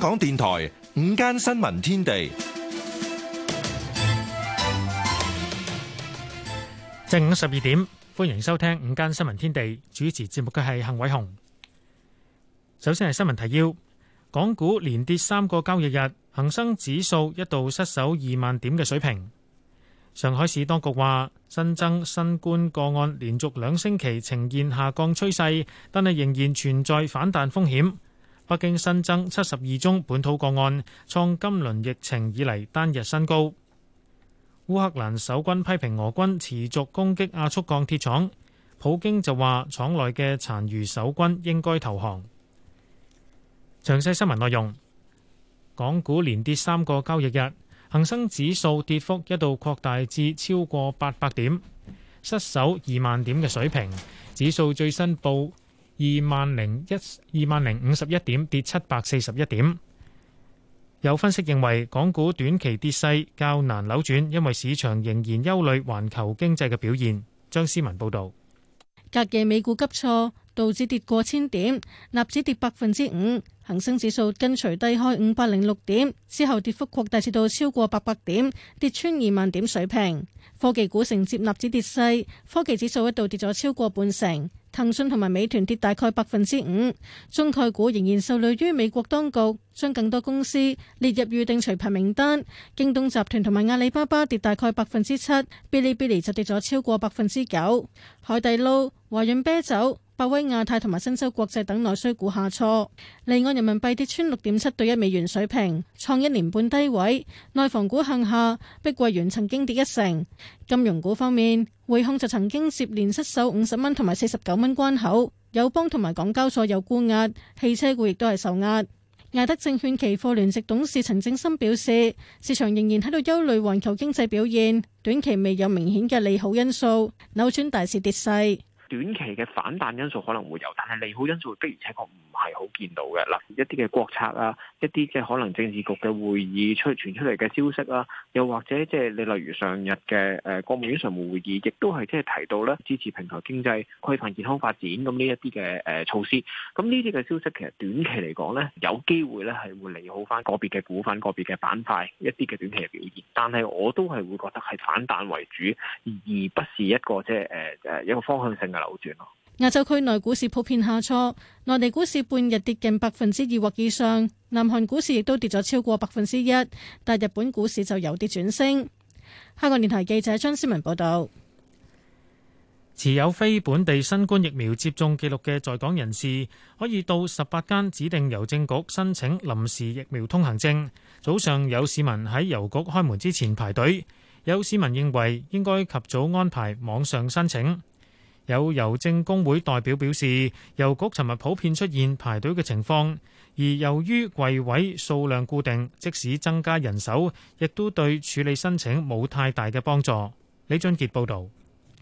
香港電台午間新聞天地，正午十二點，歡迎收聽午間新聞天地。主持節目嘅係幸偉雄。首先係新聞提要：港股連跌三個交易日，恒生指數一度失守二萬點嘅水平。上海市當局話，新增新冠個案連續兩星期呈現下降趨勢，但係仍然存在反彈風險。北京新增七十二宗本土個案，創今輪疫情以嚟單日新高。烏克蘭守軍批評俄軍持續攻擊亞速鋼鐵廠，普京就話廠內嘅殘餘守軍應該投降。詳細新聞內容，港股連跌三個交易日，恒生指數跌幅一度擴大至超過八百點，失守二萬點嘅水平，指數最新報。二萬零一、二萬零五十一點，跌七百四十一點。有分析認為，港股短期跌勢較難扭轉，因為市場仍然憂慮環球經濟嘅表現。張思文報導。隔夜美股急挫。道指跌過千點，納指跌百分之五，恒生指數跟隨低開五百零六點之後，跌幅擴大至到超過八百點，跌穿二萬點水平。科技股承接納指跌勢，科技指數一度跌咗超過半成，騰訊同埋美團跌大概百分之五。中概股仍然受累於美國當局將更多公司列入預定除牌名單，京東集團同埋阿里巴巴跌大概百分之七，嗶哩嗶哩就跌咗超過百分之九。海底撈、華潤啤酒，百威亞太同埋新洲國際等內需股下挫，離岸人民幣跌穿六點七對一美元水平，創一年半低位。內房股向下，碧桂園曾經跌一成。金融股方面，匯控就曾經接連失守五十蚊同埋四十九蚊關口，友邦同埋港交所有沽壓，汽車股亦都係受壓。艾德證券期貨聯席董事陳正森表示，市場仍然喺度憂慮環球經濟表現，短期未有明顯嘅利好因素扭轉大市跌勢。短期嘅反彈因素可能會有，但係利好因素的而且確唔係好見到嘅。嗱，一啲嘅國策啊，一啲嘅可能政治局嘅會議出傳出嚟嘅消息啦，又或者即係你例如上日嘅誒國務院常務會議，亦都係即係提到咧支持平台經濟規範健康發展咁呢一啲嘅誒措施。咁呢啲嘅消息其實短期嚟講咧，有機會咧係會利好翻個別嘅股份、個別嘅板塊一啲嘅短期表現。但係我都係會覺得係反彈為主，而不是一個即係誒誒一個方向性。扭亞洲區內股市普遍下挫，內地股市半日跌近百分之二或以上，南韓股市亦都跌咗超過百分之一，但日本股市就由跌轉升。香港電台記者張思文報導。持有非本地新冠疫苗接種記錄嘅在港人士可以到十八間指定郵政局申請臨時疫苗通行證。早上有市民喺郵局開門之前排隊，有市民認為應該及早安排網上申請。有郵政工會代表表示，郵局尋日普遍出現排隊嘅情況，而由於櫃位數量固定，即使增加人手，亦都對處理申請冇太大嘅幫助。李俊傑報導，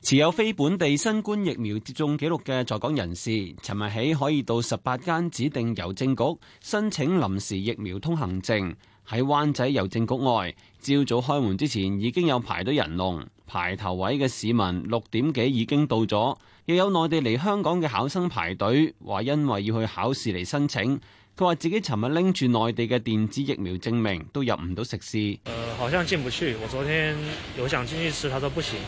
持有非本地新冠疫苗接種記錄嘅在港人士，尋日起可以到十八間指定郵政局申請臨時疫苗通行證。喺灣仔郵政局外，朝早開門之前已經有排隊人龍，排頭位嘅市民六點幾已經到咗，又有內地嚟香港嘅考生排隊，話因為要去考試嚟申請，佢話自己尋日拎住內地嘅電子疫苗證明都入唔到食肆。呃，好像進不去，我昨天有想進去吃，他說不行，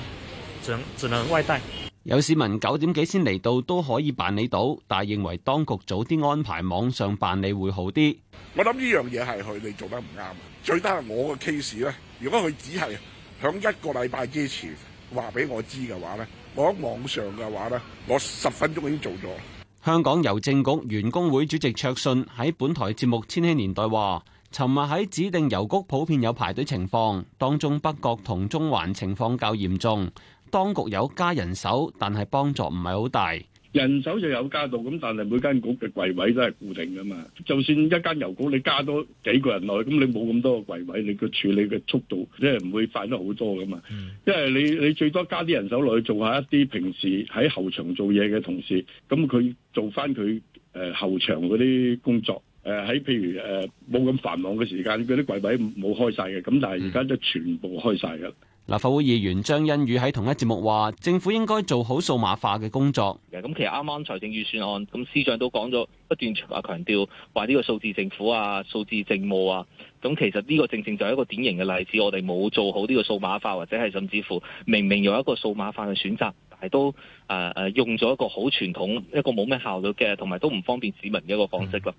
只能只能外帶。有市民九點幾先嚟到都可以辦理到，但係認為當局早啲安排網上辦理會好啲。我諗呢樣嘢係佢哋做得唔啱，最得係我嘅 case 咧。如果佢只係響一個禮拜之前話俾我知嘅話咧，我喺網上嘅話咧，我十分鐘已經做咗。香港郵政局員工會主席卓信喺本台節目《千禧年代》話，尋日喺指定郵局普遍有排隊情況，當中北角同中環情況較嚴重。當局有加人手，但係幫助唔係好大。人手就有加到咁，但係每間局嘅櫃位都係固定噶嘛。就算一間郵局你加多幾個人落去，咁你冇咁多個櫃位，你嘅處理嘅速度即係唔會快得好多噶嘛。嗯、因為你你最多加啲人手落去做下一啲平時喺後場做嘢嘅同事，咁佢做翻佢誒後場嗰啲工作。誒、呃、喺譬如誒冇咁繁忙嘅時間，嗰啲櫃位冇開晒嘅，咁但係而家都全部開晒噶。嗯立法會議員張欣宇喺同一節目話：政府應該做好數碼化嘅工作。咁其實啱啱財政預算案，咁司長都講咗不斷強調話呢個數字政府啊、數字政務啊。咁其實呢個正正就係一個典型嘅例子，我哋冇做好呢個數碼化，或者係甚至乎明明有一個數碼化嘅選擇，但係都誒誒用咗一個好傳統、一個冇咩效率嘅，同埋都唔方便市民嘅一個方式啦。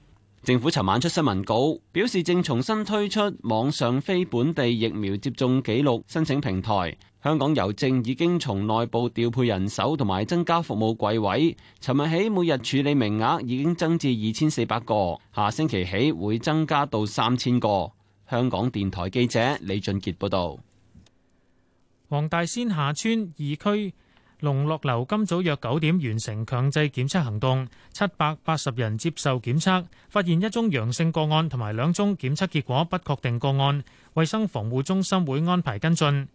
政府尋晚出新聞稿，表示正重新推出網上非本地疫苗接種記錄申請平台。香港郵政已經從內部調配人手同埋增加服務櫃位。尋日起，每日處理名額已經增至二千四百個，下星期起會增加到三千個。香港電台記者李俊傑報道。黃大仙下村二區龍樂樓今早約九點完成強制檢測行動，七百八十人接受檢測，發現一宗陽性個案同埋兩宗檢測結果不確定個案，衛生防護中心會安排跟進。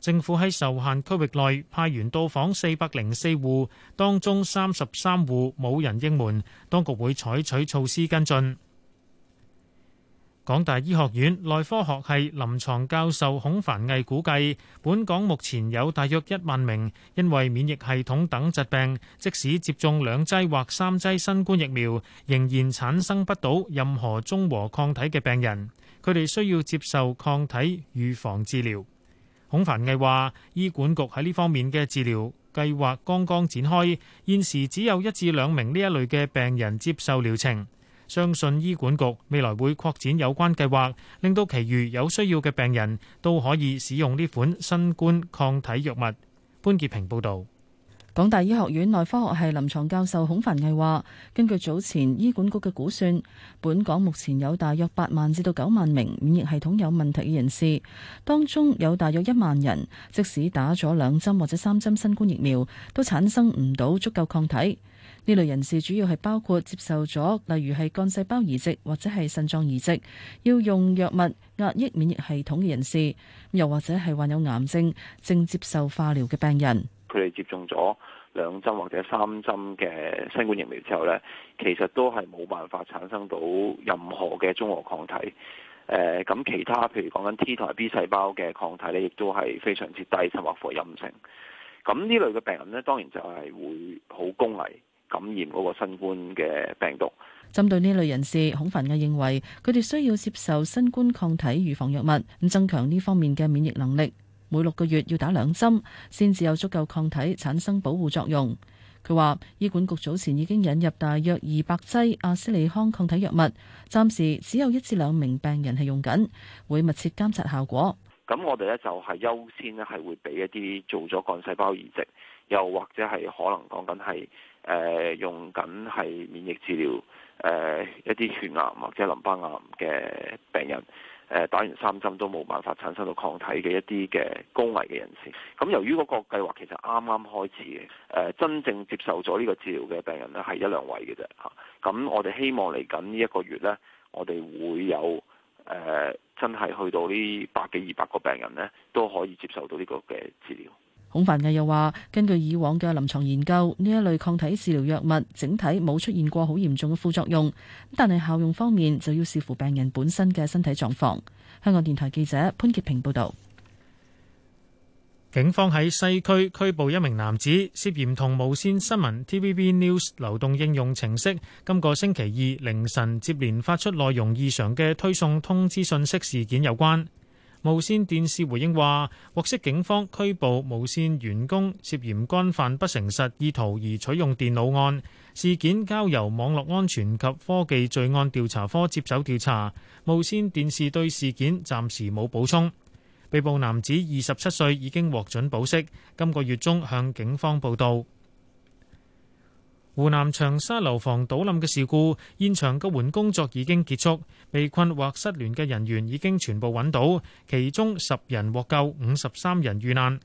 政府喺受限區域內派員到訪四百零四戶，當中三十三戶冇人應門，當局會採取措施跟進。港大醫學院內科學系臨床教授孔繁毅估計，本港目前有大約一萬名因為免疫系統等疾病，即使接種兩劑或三劑新冠疫苗，仍然產生不到任何中和抗體嘅病人，佢哋需要接受抗體預防治療。孔繁毅話，醫管局喺呢方面嘅治療計劃剛剛展開，現時只有一至兩名呢一類嘅病人接受療程。相信醫管局未來會擴展有關計劃，令到其餘有需要嘅病人都可以使用呢款新冠抗體藥物。潘潔平報道。港大醫學院內科學系臨床教授孔凡毅話，根據早前醫管局嘅估算，本港目前有大約八萬至到九萬名免疫系統有問題嘅人士，當中有大約一萬人，即使打咗兩針或者三針新冠疫苗，都產生唔到足夠抗體。呢類人士主要係包括接受咗，例如係幹細胞移植或者係腎臟移植，要用藥物壓抑免疫系統嘅人士，又或者係患有癌症正接受化療嘅病人。佢哋接種咗兩針或者三針嘅新冠疫苗之後呢，其實都係冇辦法產生到任何嘅中和抗體。誒、呃，咁其他譬如講緊 T 同 B 細胞嘅抗體呢，亦都係非常之低，甚或乎係陰性。咁呢類嘅病人呢，當然就係會好高危。感染嗰個新冠嘅病毒。針對呢類人士，孔凡亞認為佢哋需要接受新冠抗體預防藥物，咁增強呢方面嘅免疫能力。每六個月要打兩針先至有足夠抗體產生保護作用。佢話，醫管局早前已經引入大約二百劑阿斯利康抗體藥物，暫時只有一至兩名病人係用緊，會密切監察效果。咁我哋咧就係、是、優先咧係會俾一啲做咗幹細胞移植，又或者係可能講緊，係。誒、呃、用緊係免疫治療，誒、呃、一啲血癌或者淋巴癌嘅病人，誒、呃、打完三針都冇辦法產生到抗體嘅一啲嘅高危嘅人士，咁由於嗰個計劃其實啱啱開始嘅，誒、呃、真正接受咗呢個治療嘅病人咧係一兩位嘅啫，嚇、啊，咁我哋希望嚟緊呢一個月咧，我哋會有誒、呃、真係去到呢百幾二百個病人咧都可以接受到呢個嘅治療。孔繁毅又話：根據以往嘅臨床研究，呢一類抗體治療藥物整體冇出現過好嚴重嘅副作用。但係效用方面就要視乎病人本身嘅身體狀況。香港電台記者潘潔平報導。警方喺西區拘捕一名男子，涉嫌同無線新聞 TVB News 流動應用程式今個星期二凌晨接連發出內容異常嘅推送通知信息事件有關。無線電視回應話，獲悉警方拘捕無線員工涉嫌干犯不誠實意圖而取用電腦案，事件交由網絡安全及科技罪案調查科接手調查。無線電視對事件暫時冇補充。被捕男子二十七歲，已經獲准保釋，今個月中向警方報到。」湖南長沙樓房倒冧嘅事故，現場救援工作已經結束，被困或失聯嘅人員已經全部揾到，其中十人獲救，五十三人遇難。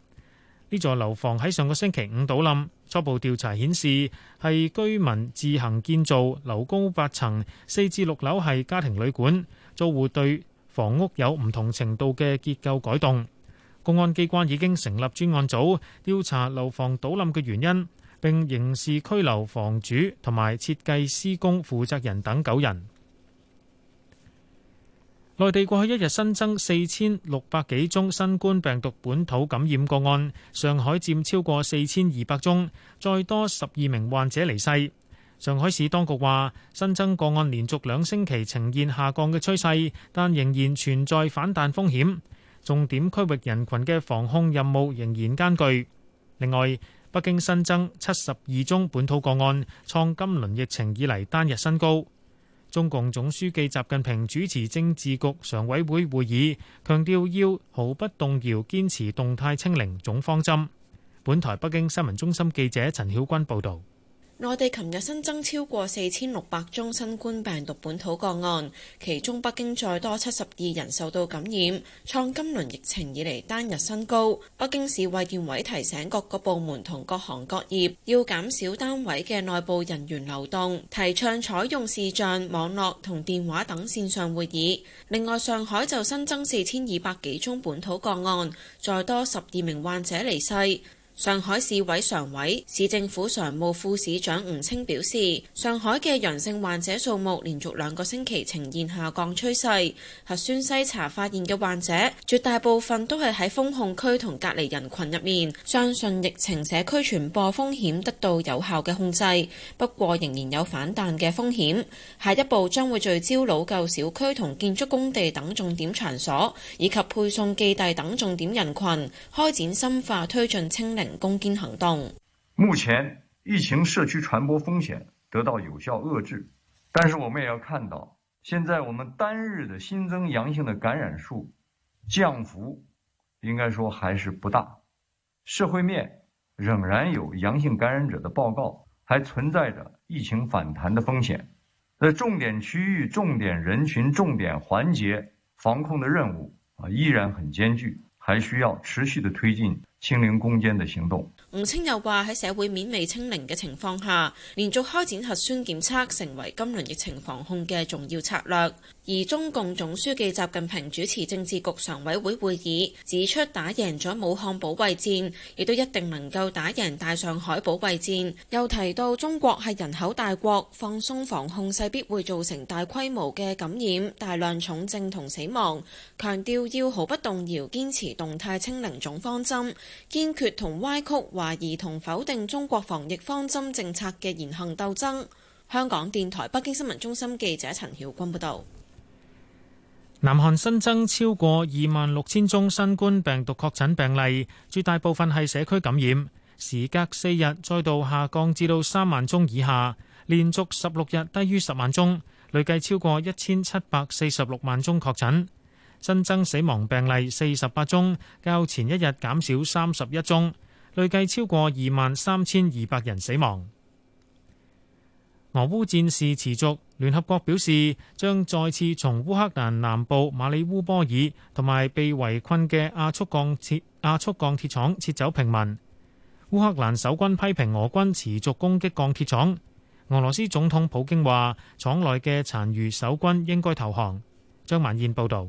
呢座樓房喺上個星期五倒冧，初步調查顯示係居民自行建造，樓高八層，四至六樓係家庭旅館，租戶對房屋有唔同程度嘅結構改動。公安機關已經成立專案組，調查樓房倒冧嘅原因。並刑事拘留房主同埋設計施工負責人等九人。內地過去一日新增四千六百幾宗新冠病毒本土感染個案，上海佔超過四千二百宗，再多十二名患者離世。上海市當局話，新增個案連續兩星期呈現下降嘅趨勢，但仍然存在反彈風險，重點區域人群嘅防控任務仍然艱巨。另外，北京新增七十二宗本土個案，創今輪疫情以嚟單日新高。中共總書記習近平主持政治局常委會會議，強調要毫不動搖堅持動態清零總方針。本台北京新聞中心記者陳曉君報道。內地琴日新增超過四千六百宗新冠病毒本土個案，其中北京再多七十二人受到感染，創今輪疫情以嚟單日新高。北京市衛健委提醒各個部門同各行各業要減少單位嘅內部人員流動，提倡採用視像、網絡同電話等線上會議。另外，上海就新增四千二百幾宗本土個案，再多十二名患者離世。上海市委常委、市政府常務副市長吳清表示，上海嘅陽性患者數目連續兩個星期呈現下降趨勢，核酸篩查發現嘅患者絕大部分都係喺封控區同隔離人群入面，相信疫情社區傳播風險得到有效嘅控制，不過仍然有反彈嘅風險，下一步將會聚焦老舊小區同建築工地等重點場所，以及配送寄遞等重點人群，開展深化推進清零。攻堅行動，目前疫情社區傳播風險得到有效遏制，但是我們也要看到，現在我們單日的新增陽性的感染數降幅應該說還是不大，社會面仍然有陽性感染者的報告，還存在着疫情反彈的風險。在重點區域、重點人群、重點環節防控的任務啊依然很艱巨，還需要持續的推進。清零攻堅嘅行動，吳清又話喺社會面未清零嘅情況下，連續開展核酸檢測成為今輪疫情防控嘅重要策略。而中共總書記習近平主持政治局常委會會議，指出打贏咗武漢保衛戰，亦都一定能夠打贏大上海保衛戰。又提到中國係人口大國，放鬆防控勢必會造成大規模嘅感染、大量重症同死亡，強調要毫不動搖堅持動態清零總方針。堅決同歪曲、懷疑同否定中國防疫方針政策嘅言行鬥爭。香港電台北京新聞中心記者陳曉君報道。南韓新增超過二萬六千宗新冠病毒確診病例，絕大部分係社區感染，時隔四日再度下降至到三萬宗以下，連續十六日低於十萬宗，累計超過一千七百四十六萬宗確診。新增死亡病例四十八宗，較前一日減少三十一宗，累計超過二萬三千二百人死亡。俄烏戰事持續，聯合國表示將再次從烏克蘭南部馬里烏波爾同埋被圍困嘅亞速鋼鐵、亞速鋼鐵廠撤走平民。烏克蘭守軍批評俄軍持續攻擊鋼鐵廠。俄羅斯總統普京話：廠內嘅殘餘守軍應該投降。張曼燕報導。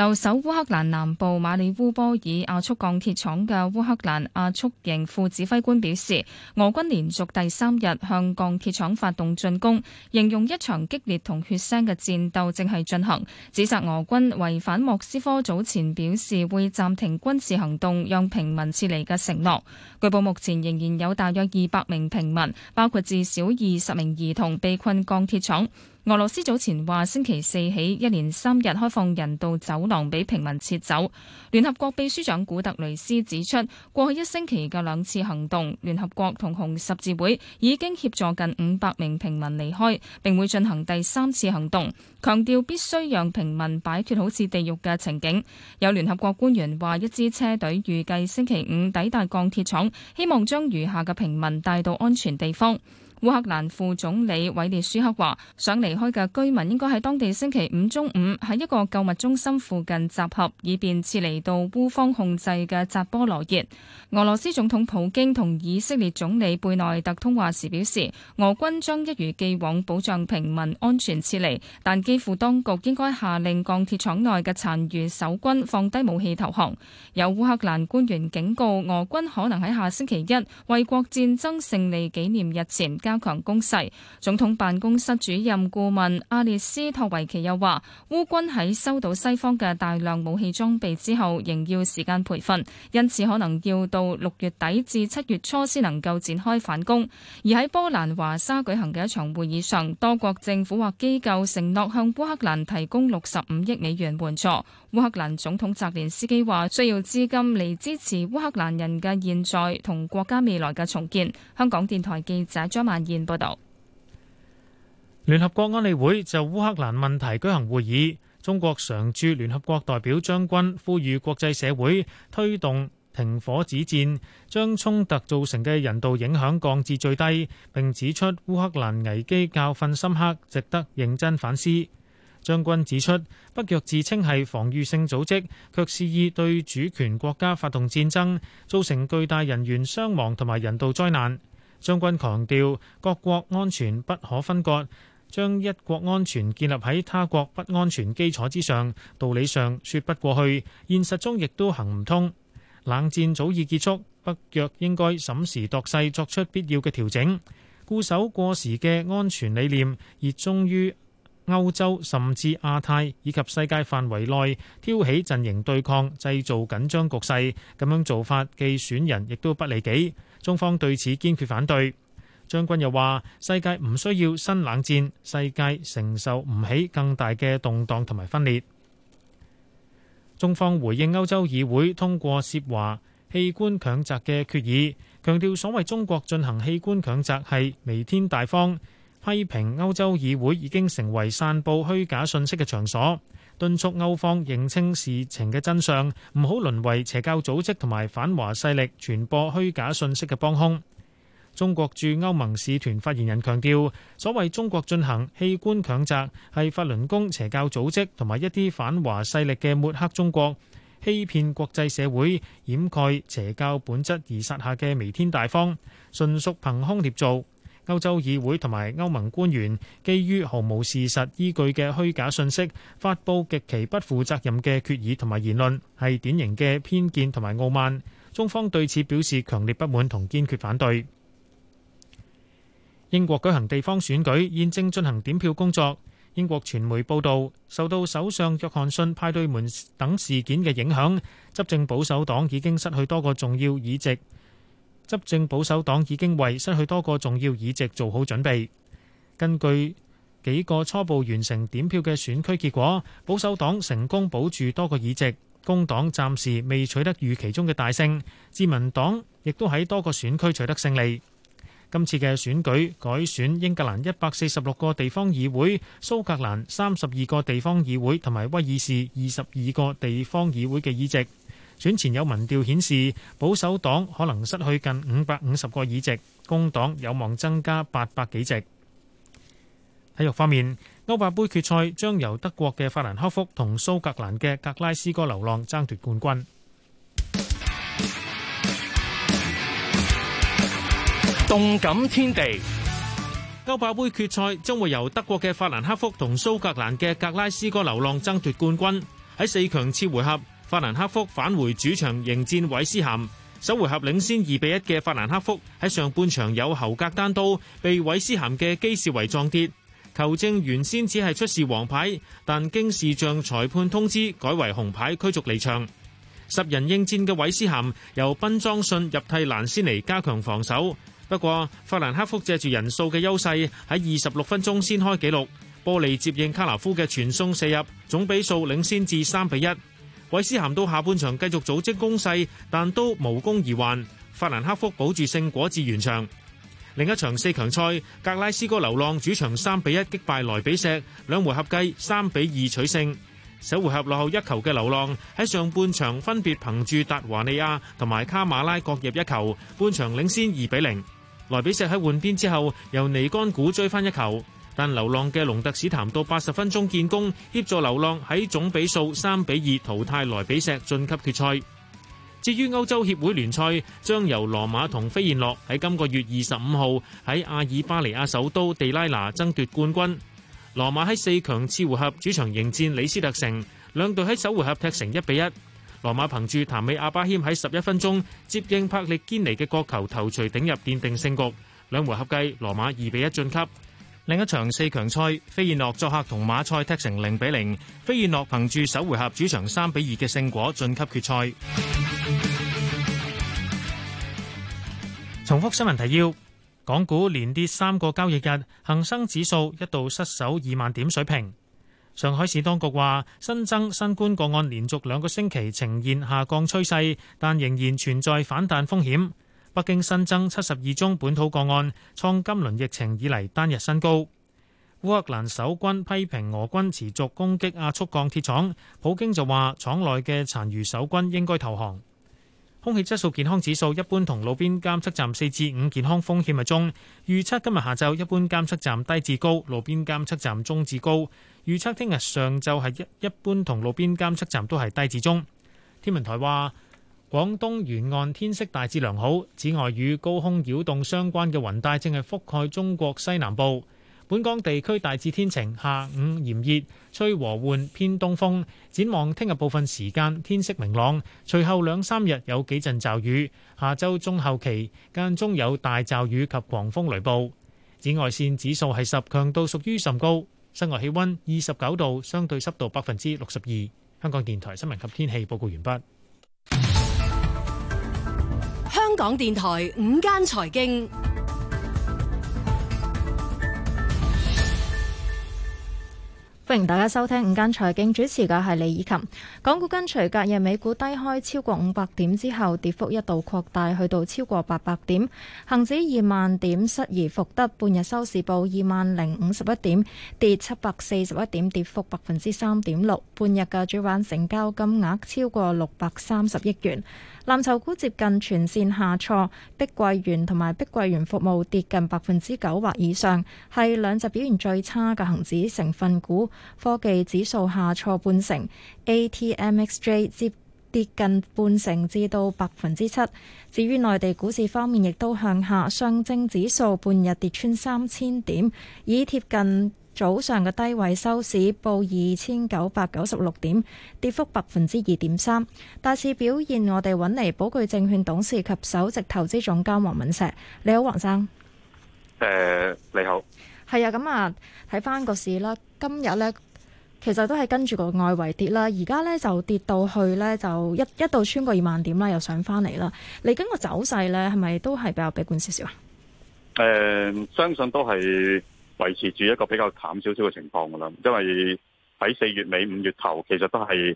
留守烏克蘭南部馬里烏波爾亞速鋼鐵廠嘅烏克蘭亞速營副指揮官表示，俄軍連續第三日向鋼鐵廠發動進攻，形容一場激烈同血腥嘅戰鬥正係進行，指責俄軍違反莫斯科早前表示會暫停軍事行動，讓平民撤離嘅承諾。據報目前仍然有大約二百名平民，包括至少二十名兒童被困鋼鐵廠。俄羅斯早前話，星期四起一連三日開放人道走廊俾平民撤走。聯合國秘書長古特雷斯指出，過去一星期嘅兩次行動，聯合國同紅十字會已經協助近五百名平民離開，並會進行第三次行動，強調必須讓平民擺脱好似地獄嘅情景。有聯合國官員話，一支車隊預計星期五抵達鋼鐵廠，希望將餘下嘅平民帶到安全地方。烏克蘭副總理韋列舒克話，想離開嘅居民應該喺當地星期五中午喺一個購物中心附近集合，以便撤離到烏方控制嘅扎波羅熱。俄羅斯總統普京同以色列總理貝內特通話時表示，俄軍將一如既往保障平民安全撤離，但基輔當局應該下令鋼鐵廠內嘅殘餘守軍放低武器投降。有烏克蘭官員警告，俄軍可能喺下星期一衛國戰爭勝利紀念日前。加強攻勢。總統辦公室主任顧問阿列斯托維奇又話，烏軍喺收到西方嘅大量武器裝備之後，仍要時間培訓，因此可能要到六月底至七月初先能夠展開反攻。而喺波蘭華沙舉行嘅一場會議上，多國政府或機構承諾向烏克蘭提供六十五億美元援助。烏克蘭總統澤連斯基話，需要資金嚟支持烏克蘭人嘅現在同國家未來嘅重建。香港電台記者張曼。見報道，聯合國安理會就烏克蘭問題舉行會議。中國常駐聯合國代表張軍呼籲國際社會推動停火止戰，將衝突造成嘅人道影響降至最低，並指出烏克蘭危機教訓深刻，值得認真反思。張軍指出，北約自稱係防禦性組織，卻肆意對主權國家發動戰爭，造成巨大人員傷亡同埋人道災難。將軍強調，各國安全不可分割，將一國安全建立喺他國不安全基礎之上，道理上説不過去，現實中亦都行唔通。冷戰早已結束，北約應該審時度勢作出必要嘅調整，固守過時嘅安全理念，熱衷於歐洲甚至亞太以及世界範圍內挑起陣營對抗、製造緊張局勢，咁樣做法既損人亦都不利己。中方對此堅決反對。張軍又話：世界唔需要新冷戰，世界承受唔起更大嘅動盪同埋分裂。中方回應歐洲議會通過涉華器官強摘嘅決議，強調所謂中國進行器官強摘係彌天大謊。批評歐洲議會已經成為散布虛假信息嘅場所，敦促歐方認清事情嘅真相，唔好淪為邪教組織同埋反華勢力傳播虛假信息嘅幫兇。中國駐歐盟使團發言人強調，所謂中國進行器官強摘，係法輪功邪教組織同埋一啲反華勢力嘅抹黑中國、欺騙國際社會、掩蓋邪教本質而撒下嘅彌天大謊，純屬憑空捏造。歐洲議會同埋歐盟官員基於毫無事實依據嘅虛假信息，發布極其不負責任嘅決議同埋言論，係典型嘅偏見同埋傲慢。中方對此表示強烈不滿同堅決反對。英國舉行地方選舉，現正進行點票工作。英國傳媒報導，受到首相約翰遜派對門等事件嘅影響，執政保守黨已經失去多個重要議席。執政保守黨已經為失去多個重要議席做好準備。根據幾個初步完成點票嘅選區結果，保守黨成功保住多個議席，工黨暫時未取得預期中嘅大勝，自民黨亦都喺多個選區取得勝利。今次嘅選舉改選英格蘭一百四十六個地方議會、蘇格蘭三十二個地方議會同埋威爾士二十二個地方議會嘅議席。選前有民調顯示，保守黨可能失去近五百五十個議席，工黨有望增加八百幾席。體育方面，歐霸盃決賽將由德國嘅法蘭克福同蘇格蘭嘅格拉斯哥流浪爭奪冠軍。動感天地，歐霸盃決賽將會由德國嘅法蘭克福同蘇格蘭嘅格拉斯哥流浪爭奪冠軍。喺四強次回合，法蘭克福返回主場迎戰韋斯咸。首回合領先二比一嘅法蘭克福喺上半場有侯格單刀被韋斯咸嘅基士維撞跌，球證原先只係出示黃牌，但經視像裁判通知改為紅牌驅逐離場。十人應戰嘅韋斯咸由賓莊遜入替蘭斯尼加強防守。不過法蘭克福借住人數嘅優勢喺二十六分鐘先開紀錄，波利接應卡拿夫嘅傳送射入，總比數領先至三比一。韋斯咸到下半場繼續組織攻勢，但都無功而還。法蘭克福保住勝果至完場。另一場四強賽，格拉斯哥流浪主場三比一擊敗萊比錫，兩回合計三比二取勝。首回合落後一球嘅流浪喺上半場分別憑住達華尼亞同埋卡馬拉各入一球，半場領先二比零。萊比錫喺換邊之後由尼干古追翻一球。但流浪嘅隆特史談到八十分鐘建功，協助流浪喺總比數三比二淘汰萊比錫，晉級決賽。至於歐洲協會聯賽，將由羅馬同飛燕諾喺今個月二十五號喺阿爾巴尼亞首都地拉拿爭奪冠軍。羅馬喺四強次回合主場迎戰李斯特城，兩隊喺首回合踢成一比一。羅馬憑住譚美阿巴謙喺十一分鐘接應帕力堅尼嘅角球頭槌頂入，奠定勝局。兩回合計，羅馬二比一晉級。另一場四強賽，飛燕諾作客同馬賽踢成零比零，飛燕諾憑住首回合主場三比二嘅勝果晉級決賽。重複新聞提要：港股連跌三個交易日，恒生指數一度失守二萬點水平。上海市當局話，新增新冠個案連續兩個星期呈現下降趨勢，但仍然存在反彈風險。北京新增七十二宗本土個案，創今輪疫情以嚟單日新高。烏克蘭守軍批評俄軍持續攻擊亞速鋼鐵廠，普京就話廠內嘅殘餘守軍應該投降。空氣質素健康指數，一般同路邊監測站四至五，健康風險係中。預測今日下晝一般監測站低至高，路邊監測站中至高。預測聽日上晝係一一般同路邊監測站都係低至中。天文台話。廣東沿岸天色大致良好，紫外與高空擾動相關嘅雲帶正係覆蓋中國西南部。本港地區大致天晴，下午炎熱，吹和緩偏東風。展望聽日部分時間天色明朗，隨後兩三日有幾陣驟雨，下周中後期間中有大驟雨及狂風雷暴。紫外線指數係十，強度屬於甚高。室外氣溫二十九度，相對濕度百分之六十二。香港電台新聞及天氣報告完畢。港電台午間財經，歡迎大家收聽午間財經，主持嘅係李以琴。港股跟隨隔日美股低開超過五百點之後，跌幅一度擴大，去到超過八百點。恒指二萬點失而復得，半日收市報二萬零五十一點，跌七百四十一點，跌幅百分之三點六。半日嘅主板成交金額超過六百三十億元。藍籌股接近全線下挫，碧桂園同埋碧桂園服務跌近百分之九或以上，係兩隻表現最差嘅恒指成分股。科技指數下挫半成，ATMXJ 跌跌近半成至到百分之七。至於內地股市方面，亦都向下，上證指數半日跌穿三千點，已貼近早上嘅低位收市報二千九百九十六點，跌幅百分之二點三。大市表現，我哋揾嚟寶钜證券董事及首席投資總監黃敏石。你好，黃生。誒、呃，你好。係啊，咁啊，睇翻個市啦。今日呢，其實都係跟住個外圍跌啦。而家呢，就跌到去呢，就一一度穿過二萬點啦，又上翻嚟啦。嚟緊個走勢呢，係咪都係比，比較悲觀少少啊？誒、呃，相信都係。維持住一個比較淡少少嘅情況噶啦，因為喺四月尾五月頭，其實都係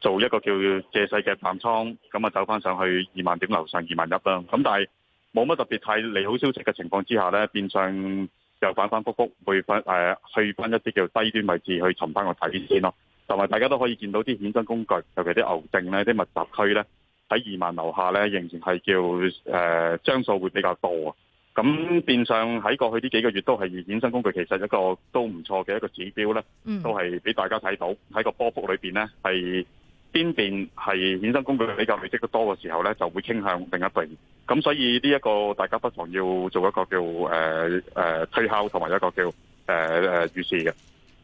做一個叫借勢嘅減倉，咁啊走翻上去二萬點樓上二萬一啦。咁但係冇乜特別太利好消息嘅情況之下呢，變相又反反覆覆會翻誒去翻一啲叫低端位置去尋翻個底先咯。同埋大家都可以見到啲衍生工具，尤其啲牛證呢，啲密集區呢，喺二萬樓下呢，仍然係叫誒張數會比較多啊。咁變相喺過去呢幾個月都係衍生工具，其實一個都唔錯嘅一個指標呢、嗯、都係俾大家睇到喺個波幅裏邊呢，係邊邊係衍生工具比較累積得多嘅時候呢，就會傾向另一邊。咁所以呢一個大家不妨要做一個叫誒誒、呃呃、推敲，同埋一個叫誒誒、呃、預示嘅。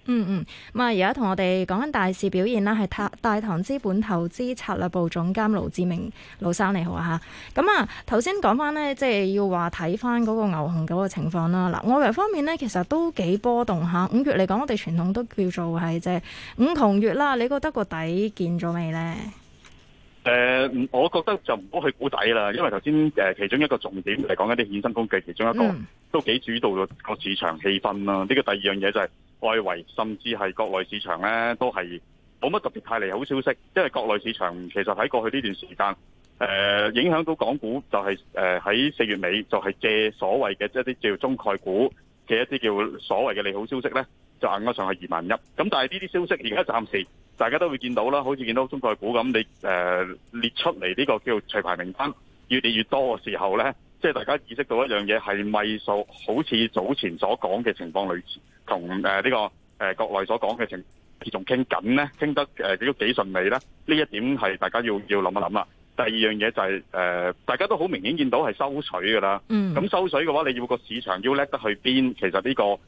嗯嗯，咁啊，而家同我哋講緊大市表現啦，係大大唐資本投資策略部總監盧志明，盧生你好啊，吓，咁啊，頭先講翻咧，即係要話睇翻嗰個牛熊嗰個情況啦。嗱，外圍方面咧，其實都幾波動吓，五月嚟講，我哋傳統都叫做係即係五窮月啦。你覺得個底見咗未咧？誒，uh, 我覺得就唔好去估底啦，因為頭先誒其中一個重點嚟講，一啲衍生工具，其中一個都幾主導個市場氣氛啦，啊。呢，這個第二樣嘢就係外圍，甚至係國內市場咧，都係冇乜特別太利好消息。因為國內市場其實喺過去呢段時間，誒、呃、影響到港股就係誒喺四月尾就係借所謂嘅、就是、一啲叫中概股嘅一啲叫所謂嘅利好消息咧，就硬咗上係二萬一。咁但係呢啲消息而家暫時。大家都會見到啦，好似見到中國股咁，你誒、呃、列出嚟呢個叫除牌名單越嚟越多嘅時候呢，即、就、係、是、大家意識到一樣嘢係咪數，是是好似早前所講嘅情況類似，同誒呢個誒、呃、國內所講嘅情況仲傾緊呢，傾得誒都、呃、幾順利呢。呢一點係大家要要諗一諗啦。第二樣嘢就係、是、誒、呃，大家都好明顯見到係收水㗎啦。咁、嗯、收水嘅話，你要個市場要叻得去邊？其實呢、這個誒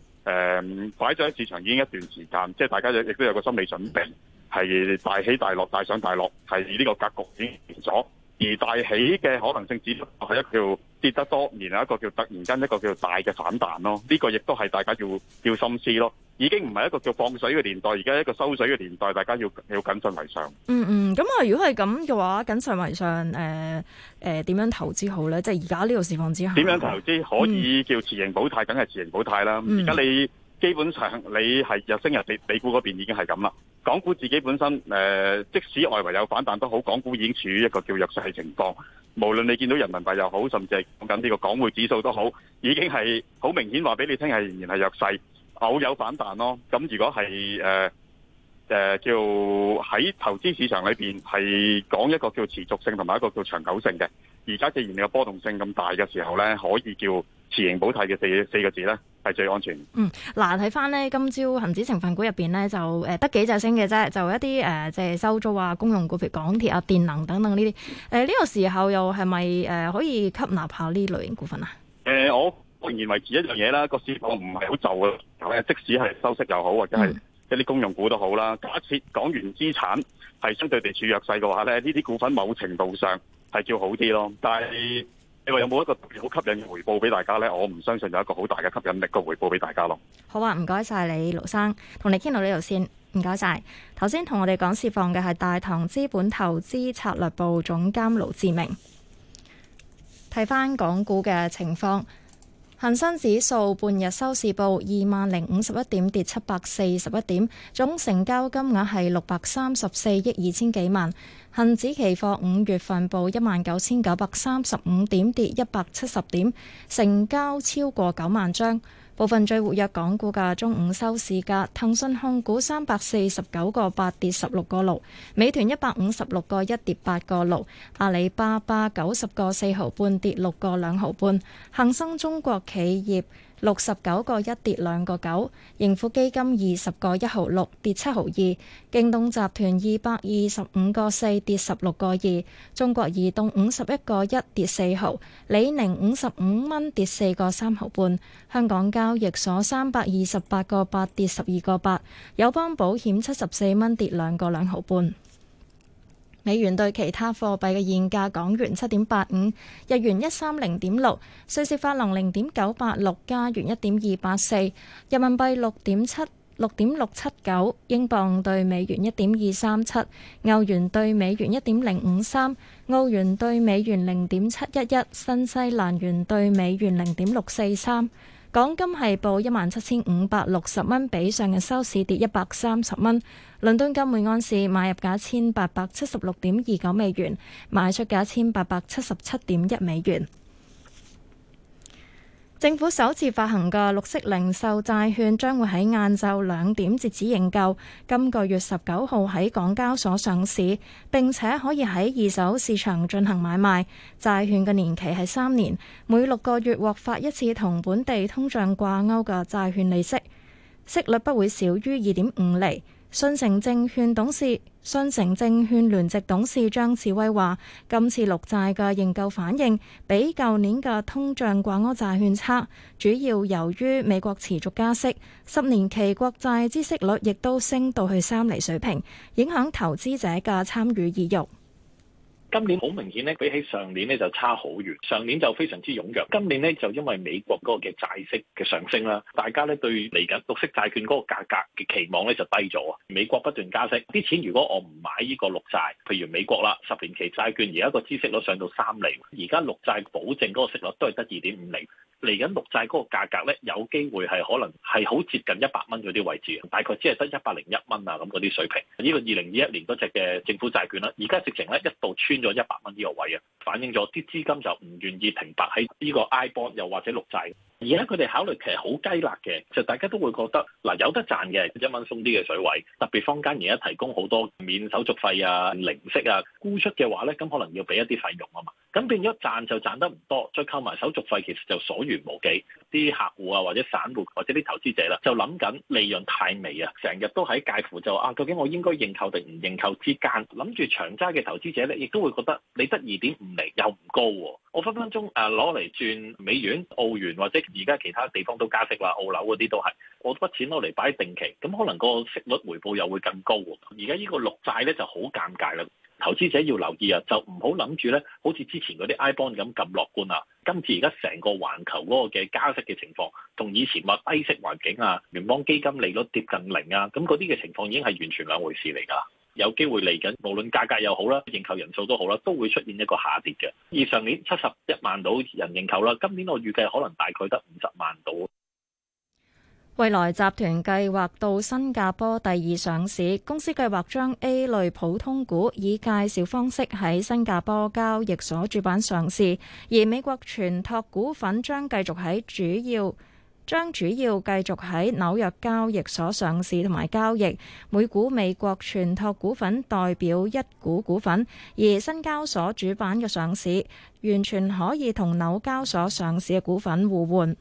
擺咗喺市場已經一段時間，即、就、係、是、大家亦都有個心理準備。係大起大落、大上大落，係呢個格局已經變咗。而大起嘅可能性只係一個叫跌得多年啊，然後一個叫突然間一個叫大嘅反彈咯。呢、這個亦都係大家要要心思咯。已經唔係一個叫放水嘅年代，而家一個收水嘅年代，大家要要謹慎為上。嗯嗯，咁、嗯、啊，如果係咁嘅話，謹慎為上，誒、呃、誒，點、呃、樣投資好咧？即係而家呢個情況之下，點樣投資可以叫持盈保泰，梗係持盈保泰啦。而家、嗯、你基本上你係日升日美美股嗰邊已經係咁啦。港股自己本身，誒、呃，即使外圍有反彈都好，港股已經處於一個叫弱勢情況，無論你見到人民幣又好，甚至係講緊呢個港匯指數都好，已經係好明顯話俾你聽，係仍然係弱勢，偶有反彈咯。咁、嗯、如果係誒誒叫喺投資市場裏邊，係講一個叫持續性同埋一個叫長久性嘅。而家既然你有波動性咁大嘅時候咧，可以叫持盈保泰嘅四四個字咧，係最安全。嗯，嗱，睇翻咧，今朝恒指成分股入邊咧，就誒得、呃、幾隻升嘅啫，就一啲誒、呃、即係收租啊、公用股譬如港鐵啊、電能等等呢啲。誒、呃、呢、這個時候又係咪誒可以吸納下呢類型股份啊？誒、呃，我仍然維持一樣嘢啦，個市況唔係好就嘅，即使係收息又好或者係一啲公用股都好啦。假設港元資產係相對地處弱勢嘅話咧，呢啲股份某程度上。係叫好啲咯，但係你話有冇一個好吸引嘅回報俾大家呢？我唔相信有一個好大嘅吸引力個回報俾大家咯。好啊，唔該晒你盧生，同你傾到呢度先，唔該晒。頭先同我哋講市況嘅係大唐資本投資策略部總監盧志明，睇翻港股嘅情況。恒生指數半日收市報二萬零五十一點，跌七百四十一點，總成交金額係六百三十四億二千幾萬。恒指期貨五月份報一萬九千九百三十五點，跌一百七十點，成交超過九萬張。部分最活躍港股價中午收市價，騰訊控股三百四十九個八跌十六個六，美團一百五十六個一跌八個六，阿里巴巴九十個四毫半跌六個兩毫半，恒生中國企業，六十九個一跌兩個九，盈富基金二十個一毫六跌七毫二，京東集團二百二十五個四跌十六個二，中國移動五十一個一跌四毫，李寧五十五蚊跌四個三毫半，香港交易所三百二十八個八跌十二個八，友邦保險七十四蚊跌兩個兩毫半。美元兌其他貨幣嘅現價：港元七點八五，日元一三零點六，瑞士法郎零點九八六，加元一點二八四，人民幣六點七六點六七九，英鎊對美元一點二三七，歐元對美元一點零五三，澳元對美元零點七一一，新西蘭元對美元零點六四三。港金係報一萬七千五百六十蚊，比上日收市跌一百三十蚊。倫敦金每盎司買入價一千八百七十六點二九美元，賣出價一千八百七十七點一美元。政府首次發行嘅綠色零售債券將會喺晏晝兩點截止認購，今個月十九號喺港交所上市，並且可以喺二手市場進行買賣，債券嘅年期係三年，每六個月獲發一次同本地通脹掛鈎嘅債券利息，息率不會少於二點五厘。信誠證券董事、信誠證券聯席董事張志威話：今次綠債嘅認購反應比舊年嘅通脹掛鈎債券差，主要由於美國持續加息，十年期國債孳息率亦都升到去三厘水平，影響投資者嘅參與意欲。今年好明顯咧，比起上年咧就差好遠。上年就非常之踴躍，今年咧就因為美國嗰個嘅債息嘅上升啦，大家咧對嚟緊綠色債券嗰個價格嘅期望咧就低咗啊！美國不斷加息，啲錢如果我唔買呢個綠債，譬如美國啦，十年期債券而家個孳息率上到三釐，而家綠債保證嗰個息率都係得二點五釐，嚟緊綠債嗰個價格咧有機會係可能係好接近一百蚊嗰啲位置，大概只係得一百零一蚊啊咁嗰啲水平。呢、這個二零二一年嗰隻嘅政府債券啦，而家直情咧一度穿咗一百蚊呢個位啊，反映咗啲資金就唔願意停泊喺呢個 I bond 又或者綠債。而家佢哋考慮其實好雞肋嘅，就大家都會覺得嗱、啊、有得賺嘅一蚊鬆啲嘅水位，特別坊間而家提供好多免手續費啊、零息啊，沽出嘅話咧，咁可能要俾一啲費用啊嘛，咁變咗賺就賺得唔多，再扣埋手續費，其實就所餘無幾。啲客戶啊，或者散戶或者啲投資者啦、啊，就諗緊利潤太微啊，成日都喺介乎就啊，究竟我應該認購定唔認購之間，諗住長揸嘅投資者咧，亦都會覺得你得二點五厘又唔高、啊。我分分鐘誒攞嚟轉美元、澳元或者而家其他地方都加息啦，澳樓嗰啲都係，我筆錢攞嚟擺定期，咁可能個息率回報又會更高喎。而家呢個綠債咧就好尷尬啦，投資者要留意啊，就唔好諗住咧，好似之前嗰啲 I bond 咁咁樂觀啦。今次而家成個環球嗰個嘅加息嘅情況，同以前話低息環境啊、聯邦基金利率跌近零啊，咁嗰啲嘅情況已經係完全兩回事嚟㗎喇。有機會嚟緊，無論價格又好啦，認購人數都好啦，都會出現一個下跌嘅。而上年七十一萬到人認購啦，今年我預計可能大概得五十萬到。未來集團計劃到新加坡第二上市，公司計劃將 A 類普通股以介紹方式喺新加坡交易所主板上市，而美國全託股份將繼續喺主要。將主要繼續喺紐約交易所上市同埋交易，每股美國存託股份代表一股股份，而新交所主板嘅上市完全可以同紐交所上市嘅股份互換。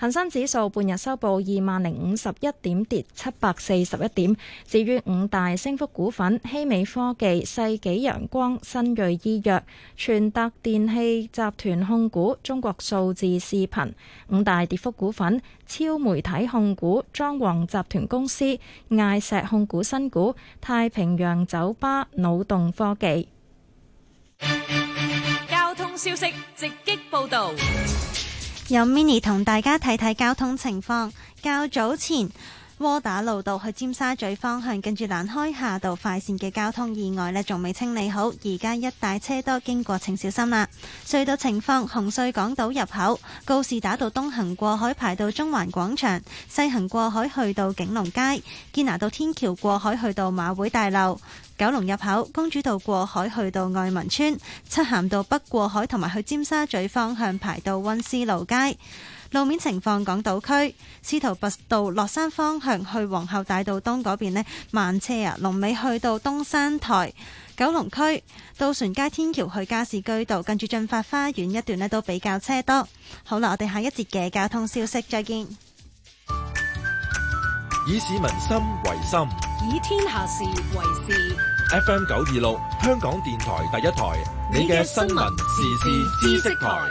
恒生指數半日收報二萬零五十一點，跌七百四十一點。至於五大升幅股份：希美科技、世紀陽光、新銳醫藥、全達電器集團控股、中國數字視頻；五大跌幅股份：超媒體控股、莊皇集團公司、艾石控股新股、太平洋酒吧、腦洞科技。交通消息直擊報道。有 Mini 同大家睇睇交通情況，較早前。窩打老道去尖沙咀方向，跟住蘭開夏道快線嘅交通意外呢，仲未清理好，而家一帶車多，經過請小心啦。隧道情況：紅隧港島入口，告士打道東行過海排到中環廣場，西行過海去到景隆街，堅拿道天橋過海去到馬會大樓，九龍入口公主道過海去到愛民邨，漆咸道北過海同埋去尖沙咀方向排到溫思勞街。路面情況，港島區司徒拔道落山方向去皇后大道東嗰邊咧慢車啊，龍尾去到東山台，九龍區渡船街天橋去加士居道，跟住駿發花園一段呢都比較車多。好啦，我哋下一節嘅交通消息再見。以市民心為心，以天下事為事。FM 九二六，香港電台第一台，你嘅新聞,新聞時事知識台。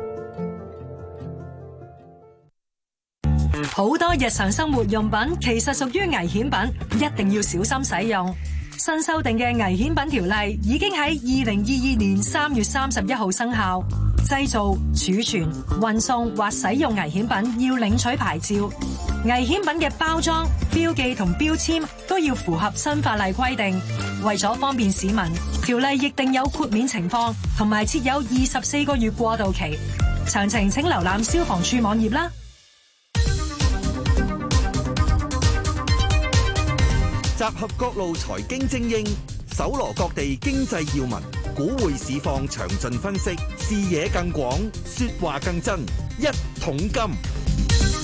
好多日常生活用品其實屬於危險品，一定要小心使用。新修訂嘅危險品條例已經喺2022年3月31號生效，製造、儲存、運送或使用危險品要領取牌照，危險品嘅包裝、標記同標籤都要符合新法例規定。為咗方便市民，條例亦定有豁免情況，同埋設有24個月過渡期。詳情請瀏覽消防處網頁啦。集合各路財經精英，搜羅各地經濟要聞，股匯市況詳盡分析，視野更廣，說話更真，一桶金。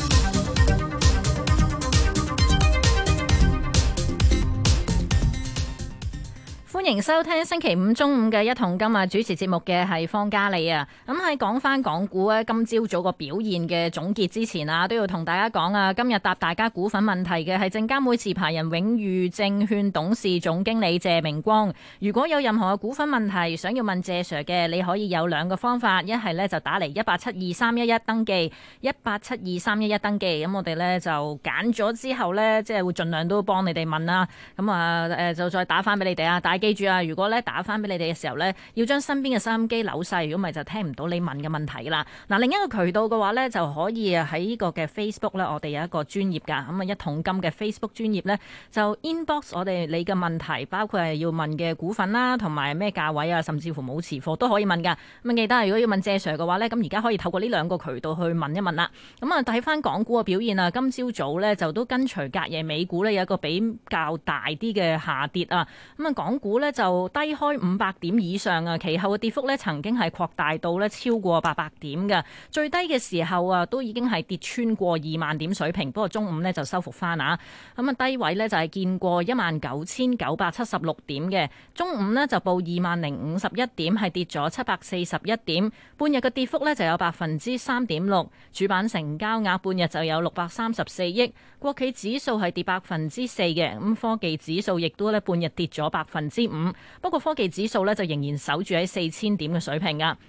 歡迎收聽星期五中午嘅一同。今日主持節目嘅係方嘉莉啊！咁、嗯、喺講翻港股咧今朝早，早個表現嘅總結之前啊，都要同大家講啊，今日答大家股份問題嘅係證監會持牌人永裕證券董事總經理謝明光。如果有任何嘅股份問題想要問謝 Sir 嘅，你可以有兩個方法，一係、嗯、呢，就打嚟一八七二三一一登記，一八七二三一一登記。咁我哋呢，就揀咗之後呢，即係會盡量都幫你哋問啦、啊。咁啊誒，就再打翻俾你哋啊，記住啊！如果咧打翻俾你哋嘅時候呢，要將身邊嘅收音機扭細，如果唔係就聽唔到你問嘅問題噶啦。嗱，另一個渠道嘅話呢，就可以喺呢個嘅 Facebook 呢，我哋有一個專頁噶，咁啊一桶金嘅 Facebook 專頁呢，就 inbox 我哋你嘅問題，包括係要問嘅股份啦，同埋咩價位啊，甚至乎冇持貨都可以問噶。咁記得如果要問謝 Sir 嘅話呢，咁而家可以透過呢兩個渠道去問一問啦。咁啊，睇翻港股嘅表現啊，今朝早呢，就都跟隨隔夜美股呢，有一個比較大啲嘅下跌啊。咁啊，港股。咧就低開五百點以上啊，其後嘅跌幅咧曾經係擴大到咧超過八百點嘅，最低嘅時候啊都已經係跌穿過二萬點水平，不過中午咧就收復翻啊，咁啊低位咧就係見過一萬九千九百七十六點嘅，中午咧就報二萬零五十一點，係跌咗七百四十一點，半日嘅跌幅咧就有百分之三點六，主板成交額半日就有六百三十四億，國企指數係跌百分之四嘅，咁科技指數亦都咧半日跌咗百分之。五，不過科技指數咧就仍然守住喺四千點嘅水平噶。